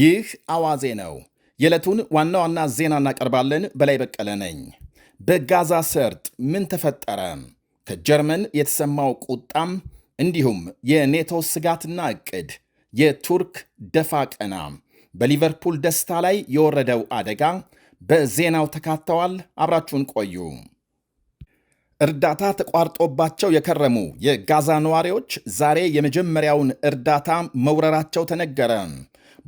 ይህ አዋዜ ነው። የዕለቱን ዋና ዋና ዜና እናቀርባለን። በላይ በቀለ ነኝ። በጋዛ ሰርጥ ምን ተፈጠረ? ከጀርመን የተሰማው ቁጣም፣ እንዲሁም የኔቶ ስጋትና እቅድ የቱርክ ደፋ ቀና፣ በሊቨርፑል ደስታ ላይ የወረደው አደጋ በዜናው ተካተዋል። አብራችሁን ቆዩ። እርዳታ ተቋርጦባቸው የከረሙ የጋዛ ነዋሪዎች ዛሬ የመጀመሪያውን እርዳታ መውረራቸው ተነገረ።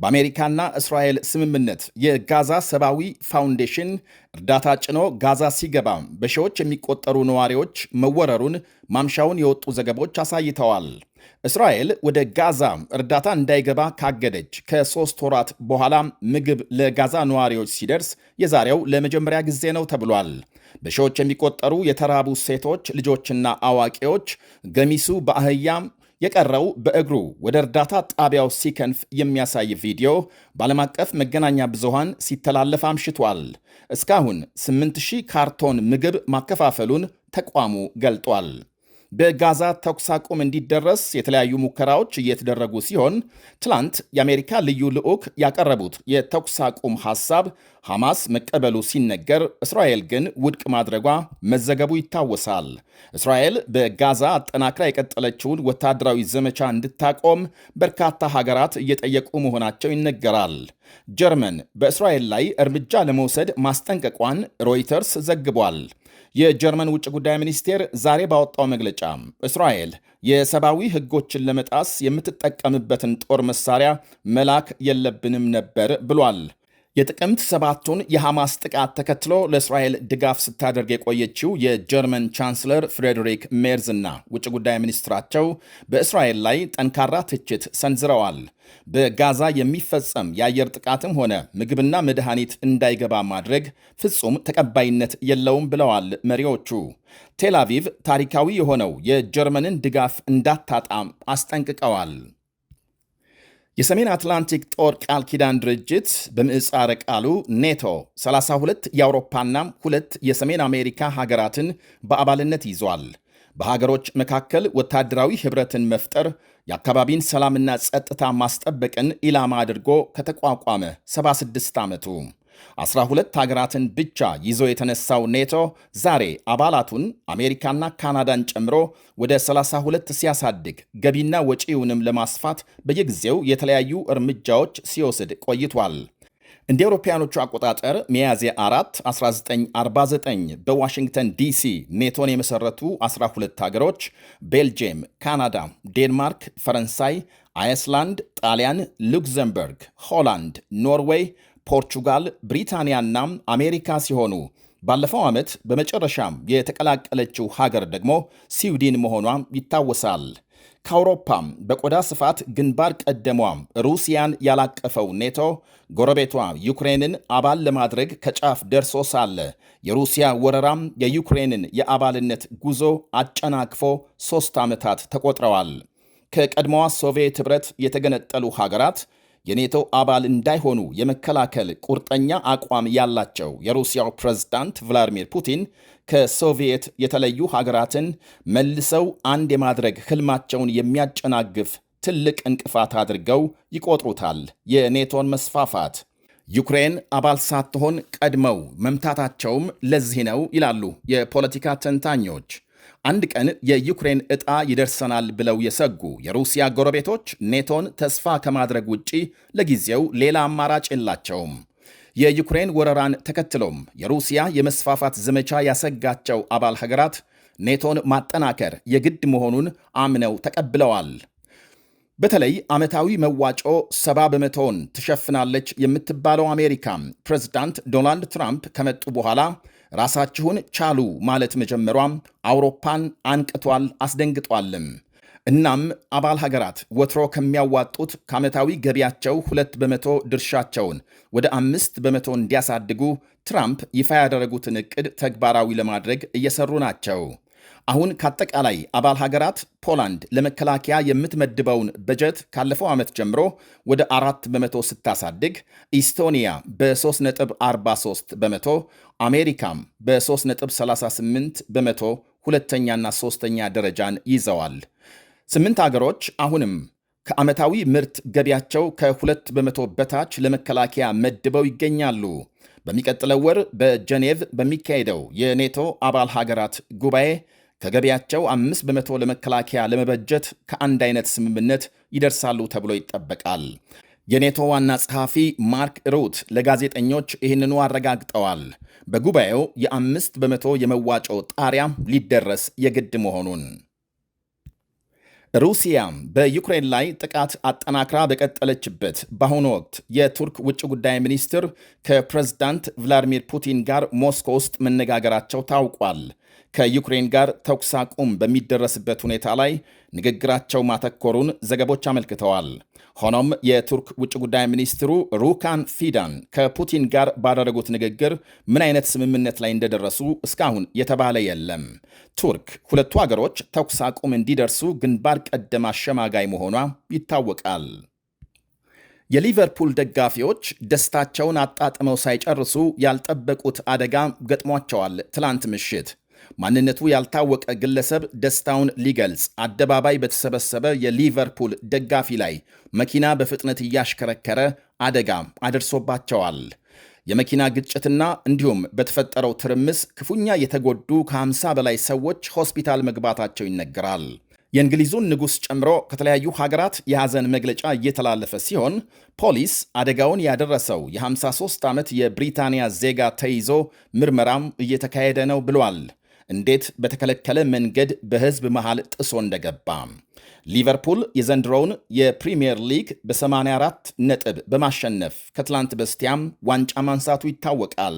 በአሜሪካና እስራኤል ስምምነት የጋዛ ሰብአዊ ፋውንዴሽን እርዳታ ጭኖ ጋዛ ሲገባ በሺዎች የሚቆጠሩ ነዋሪዎች መወረሩን ማምሻውን የወጡ ዘገቦች አሳይተዋል። እስራኤል ወደ ጋዛ እርዳታ እንዳይገባ ካገደች ከሦስት ወራት በኋላ ምግብ ለጋዛ ነዋሪዎች ሲደርስ የዛሬው ለመጀመሪያ ጊዜ ነው ተብሏል። በሺዎች የሚቆጠሩ የተራቡ ሴቶች፣ ልጆችና አዋቂዎች ገሚሱ በአህያ የቀረው በእግሩ ወደ እርዳታ ጣቢያው ሲከንፍ የሚያሳይ ቪዲዮ በዓለም አቀፍ መገናኛ ብዙሃን ሲተላለፍ አምሽቷል። እስካሁን 8000 ካርቶን ምግብ ማከፋፈሉን ተቋሙ ገልጧል። በጋዛ ተኩስ አቁም እንዲደረስ የተለያዩ ሙከራዎች እየተደረጉ ሲሆን ትላንት የአሜሪካ ልዩ ልዑክ ያቀረቡት የተኩስ አቁም ሐሳብ ሐማስ መቀበሉ ሲነገር እስራኤል ግን ውድቅ ማድረጓ መዘገቡ ይታወሳል። እስራኤል በጋዛ አጠናክራ የቀጠለችውን ወታደራዊ ዘመቻ እንድታቆም በርካታ ሀገራት እየጠየቁ መሆናቸው ይነገራል። ጀርመን በእስራኤል ላይ እርምጃ ለመውሰድ ማስጠንቀቋን ሮይተርስ ዘግቧል። የጀርመን ውጭ ጉዳይ ሚኒስቴር ዛሬ ባወጣው መግለጫ እስራኤል የሰብአዊ ሕጎችን ለመጣስ የምትጠቀምበትን ጦር መሳሪያ መላክ የለብንም ነበር ብሏል። የጥቅምት ሰባቱን የሐማስ ጥቃት ተከትሎ ለእስራኤል ድጋፍ ስታደርግ የቆየችው የጀርመን ቻንስለር ፍሬድሪክ ሜርዝ እና ውጭ ጉዳይ ሚኒስትራቸው በእስራኤል ላይ ጠንካራ ትችት ሰንዝረዋል። በጋዛ የሚፈጸም የአየር ጥቃትም ሆነ ምግብና መድኃኒት እንዳይገባ ማድረግ ፍጹም ተቀባይነት የለውም ብለዋል መሪዎቹ። ቴል አቪቭ ታሪካዊ የሆነው የጀርመንን ድጋፍ እንዳታጣም አስጠንቅቀዋል። የሰሜን አትላንቲክ ጦር ቃል ኪዳን ድርጅት በምዕፃረ ቃሉ ኔቶ 32 የአውሮፓና ሁለት የሰሜን አሜሪካ ሀገራትን በአባልነት ይዟል። በሀገሮች መካከል ወታደራዊ ኅብረትን መፍጠር የአካባቢን ሰላምና ጸጥታ ማስጠበቅን ኢላማ አድርጎ ከተቋቋመ 76 ዓመቱ አስራ ሁለት ሀገራትን ብቻ ይዞ የተነሳው ኔቶ ዛሬ አባላቱን አሜሪካና ካናዳን ጨምሮ ወደ 32 ሲያሳድግ ገቢና ወጪውንም ለማስፋት በየጊዜው የተለያዩ እርምጃዎች ሲወስድ ቆይቷል። እንደ አውሮፓውያኖቹ አቆጣጠር ሚያዝያ 4 1949 በዋሽንግተን ዲሲ ኔቶን የመሰረቱ 12 ሀገሮች ቤልጅየም፣ ካናዳ፣ ዴንማርክ፣ ፈረንሳይ፣ አይስላንድ፣ ጣሊያን፣ ሉክዘምበርግ፣ ሆላንድ፣ ኖርዌይ ፖርቹጋል፣ ብሪታንያና አሜሪካ ሲሆኑ ባለፈው ዓመት በመጨረሻም የተቀላቀለችው ሀገር ደግሞ ስዊድን መሆኗ ይታወሳል። ከአውሮፓም በቆዳ ስፋት ግንባር ቀደሟ ሩሲያን ያላቀፈው ኔቶ ጎረቤቷ ዩክሬንን አባል ለማድረግ ከጫፍ ደርሶ ሳለ የሩሲያ ወረራም የዩክሬንን የአባልነት ጉዞ አጨናቅፎ ሦስት ዓመታት ተቆጥረዋል። ከቀድሞዋ ሶቪየት ኅብረት የተገነጠሉ ሀገራት የኔቶ አባል እንዳይሆኑ የመከላከል ቁርጠኛ አቋም ያላቸው የሩሲያው ፕሬዝዳንት ቭላዲሚር ፑቲን ከሶቪየት የተለዩ ሀገራትን መልሰው አንድ የማድረግ ህልማቸውን የሚያጨናግፍ ትልቅ እንቅፋት አድርገው ይቆጥሩታል። የኔቶን መስፋፋት ዩክሬን አባል ሳትሆን ቀድመው መምታታቸውም ለዚህ ነው ይላሉ የፖለቲካ ተንታኞች። አንድ ቀን የዩክሬን ዕጣ ይደርሰናል ብለው የሰጉ የሩሲያ ጎረቤቶች ኔቶን ተስፋ ከማድረግ ውጪ ለጊዜው ሌላ አማራጭ የላቸውም። የዩክሬን ወረራን ተከትሎም የሩሲያ የመስፋፋት ዘመቻ ያሰጋቸው አባል ሀገራት ኔቶን ማጠናከር የግድ መሆኑን አምነው ተቀብለዋል። በተለይ ዓመታዊ መዋጮ ሰባ በመቶውን ትሸፍናለች የምትባለው አሜሪካ ፕሬዝዳንት ዶናልድ ትራምፕ ከመጡ በኋላ ራሳችሁን ቻሉ ማለት መጀመሯም አውሮፓን አንቅቷል አስደንግጧልም። እናም አባል ሀገራት ወትሮ ከሚያዋጡት ከዓመታዊ ገቢያቸው ሁለት በመቶ ድርሻቸውን ወደ አምስት በመቶ እንዲያሳድጉ ትራምፕ ይፋ ያደረጉትን ዕቅድ ተግባራዊ ለማድረግ እየሰሩ ናቸው። አሁን ከአጠቃላይ አባል ሀገራት ፖላንድ ለመከላከያ የምትመድበውን በጀት ካለፈው ዓመት ጀምሮ ወደ አራት በመቶ ስታሳድግ ኢስቶኒያ በ3.43 በመቶ፣ አሜሪካም በ3.38 በመቶ ሁለተኛና ሦስተኛ ደረጃን ይዘዋል። ስምንት አገሮች አሁንም ከዓመታዊ ምርት ገቢያቸው ከሁለት በመቶ በታች ለመከላከያ መድበው ይገኛሉ። በሚቀጥለው ወር በጀኔቭ በሚካሄደው የኔቶ አባል ሀገራት ጉባኤ ከገቢያቸው አምስት በመቶ ለመከላከያ ለመበጀት ከአንድ አይነት ስምምነት ይደርሳሉ ተብሎ ይጠበቃል። የኔቶ ዋና ጸሐፊ ማርክ ሩት ለጋዜጠኞች ይህንኑ አረጋግጠዋል። በጉባኤው የአምስት በመቶ የመዋጮ ጣሪያ ሊደረስ የግድ መሆኑን። ሩሲያ በዩክሬን ላይ ጥቃት አጠናክራ በቀጠለችበት በአሁኑ ወቅት የቱርክ ውጭ ጉዳይ ሚኒስትር ከፕሬዝዳንት ቭላዲሚር ፑቲን ጋር ሞስኮ ውስጥ መነጋገራቸው ታውቋል። ከዩክሬን ጋር ተኩስ አቁም በሚደረስበት ሁኔታ ላይ ንግግራቸው ማተኮሩን ዘገቦች አመልክተዋል። ሆኖም የቱርክ ውጭ ጉዳይ ሚኒስትሩ ሩካን ፊዳን ከፑቲን ጋር ባደረጉት ንግግር ምን አይነት ስምምነት ላይ እንደደረሱ እስካሁን የተባለ የለም። ቱርክ ሁለቱ አገሮች ተኩስ አቁም እንዲደርሱ ግንባር ቀደም አሸማጋይ መሆኗ ይታወቃል። የሊቨርፑል ደጋፊዎች ደስታቸውን አጣጥመው ሳይጨርሱ ያልጠበቁት አደጋ ገጥሟቸዋል። ትላንት ምሽት ማንነቱ ያልታወቀ ግለሰብ ደስታውን ሊገልጽ አደባባይ በተሰበሰበ የሊቨርፑል ደጋፊ ላይ መኪና በፍጥነት እያሽከረከረ አደጋ አድርሶባቸዋል። የመኪና ግጭትና እንዲሁም በተፈጠረው ትርምስ ክፉኛ የተጎዱ ከ50 በላይ ሰዎች ሆስፒታል መግባታቸው ይነገራል። የእንግሊዙን ንጉሥ ጨምሮ ከተለያዩ ሀገራት የሐዘን መግለጫ እየተላለፈ ሲሆን ፖሊስ አደጋውን ያደረሰው የ53 ዓመት የብሪታንያ ዜጋ ተይዞ ምርመራም እየተካሄደ ነው ብሏል። እንዴት በተከለከለ መንገድ በሕዝብ መሃል ጥሶ እንደገባ። ሊቨርፑል የዘንድሮውን የፕሪምየር ሊግ በ84 ነጥብ በማሸነፍ ከትላንት በስቲያም ዋንጫ ማንሳቱ ይታወቃል።